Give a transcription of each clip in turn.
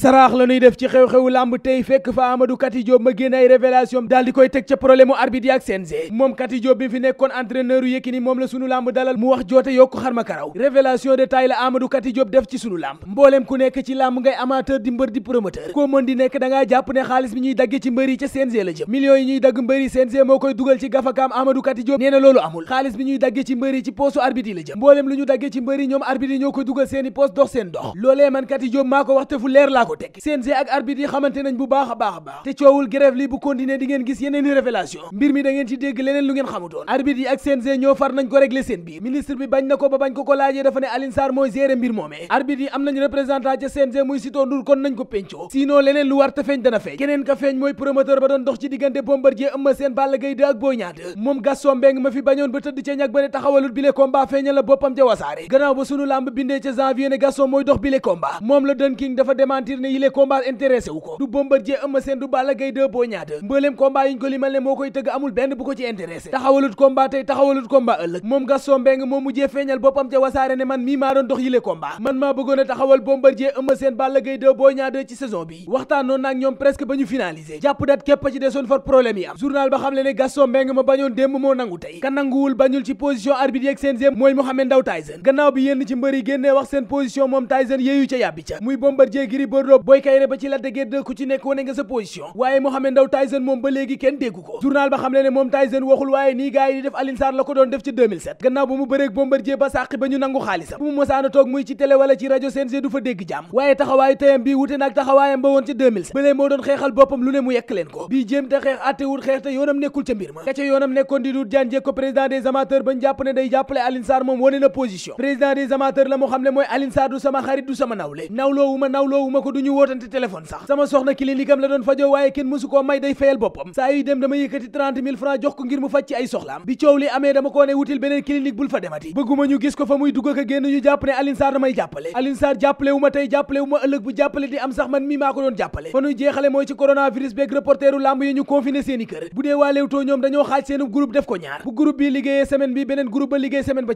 saraax la ñuy def ci xew xew làmb tey fekk fa Amadou Kati Diop ma génn ay révélation daal di koy teg ca problème u arbitre yi ak moom Kati Diop bi fi nekkoon entraîneur u moom la sunu làmb dalal mu wax joote yokku xarma karaw révélation de taille la Amadou Kati Diop def ci sunu làmb ku nekk ci làmb ngay amateur di mbër di promoteur koo mën di ne xaalis bi ñuy dagge ci mbër yi ca CNG la jëm millions yi ñuy dagg mbër yi CNG moo koy dugal ci gafakaam Amadou Kati Diop nee na loolu amul xaalis bi ñuy dagge ci mbër yi ci poosu arbitre la jëm mbooleem lu ñu dagge ci mbër yi ñoom arbitre yi ñoo koy dugal seen i poos dox seen dox loolee man Kati Diop maa ko ko teg ak arbitre yi xamante nañ bu baax baax baax te coowul grève li bu continuer di gis yeneen i révélation mbir mi da ci dégg leneen lu ngeen xamutoon arbitre yi ak CNG ñoo far nañ ko régler seen biir ministre bi bañ na ko ba bañ ko ko laajee dafa ne Alioune mooy gérer mbir moomee arbitre yi am nañ représentant ca CNG muy Sitor Ndour kon nañ ko pencoo sinon leneen lu war te feeñ dana feeñ keneen ka feeñ mooy promoteur ba doon dox ci ne yile combat intéressé wu ko du Bombardier Eumeu Sène du Balla Gaye 2 Boy Niang 2 yi ñu ko limal moo koy tëgg amul benn bu ko ci intéressé taxawalut combat tey taxawalut combat ëllëg moom Gaston Mbengue moo mujjee feeñal boppam ca wasaare ne man mii maa doon dox yile combat man maa bëggoon a taxawal Bombardier Eumeu Sène Balla Gaye ci saison bi waxtaanoon naag ñoom presque ba ñu finalisé jàpp dat képp ci desoon far problème yi am journal ba xam le ne moo nangu tey ka nanguwul bañul ci position arbitre yeeg CNG mooy Mohamed Ndao Tyson gannaaw Bordeaux Boy Kayre ba ci Lac de Guiers ci nekk wane nga sa position waaye Mohamed Ndao Tyson moom ba léegi kenn déggu ko journal ba xam ne moom Tyson waxul waaye nii gars di def Alioune la ko doon def ci 2007 gannaaw ba mu bëreeg Bombardier ba sàqi ba ñu nangu xaalisam bu mu mosaana toog muy ci télé wala ci rajo CNG du fa dégg jàmm waaye taxawaayu tayam bii wute nag taxawaayam ba woon ci 2007 bëlee moo doon xeexal boppam lu ne mu yekk kooku duñu wóotante téléphone sax sama soxna clinique am la doon fajoo waaye kenn mësu may day fayal boppam saa yuy dem dama yëkkati 30 000 francs jox ko ngir mu faj ci ay soxlaam bi coow li amee dama koo ne wutil beneen clinique bul fa demati bëgguma ñu gis ko fa muy dugg ak a génn ñu jàpp ne Alioune damay jàppale Alioune Sarr tey jàppale ëllëg bu jàppale di am sax man mii maa ko doon jàppale fa nuy jeexale mooy ci coronavirus bi liggéeyee semaine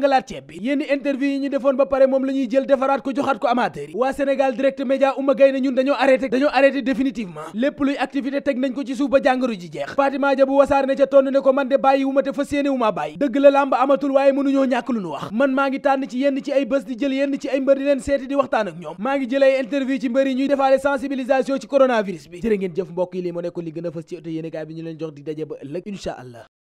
jàngalaat ceeb bi yenn interview yi ñu defoon ba pare moom la ñuy jël defaraat ko joxaat ko amateur yi waa Sénégal direct média uma gay ne ñun dañoo arrêté dañoo arrêté définitivement lépp luy activité teg nañ ko ci suuf ba jàngoro ji jeex Fatima Dia bu wasaar ne ca tonn ne ko man de bàyyi wu ma te fas yéene wu maa bàyyi dëgg la làmb amatul waaye mënuñoo ñàkk lu nu wax man maa ngi tànn ci yenn ci ay bés di jël yenn ci ay mbër di leen seeti di waxtaan a fës ci ëtt yéenekaay bi ñu leen jox di daje ba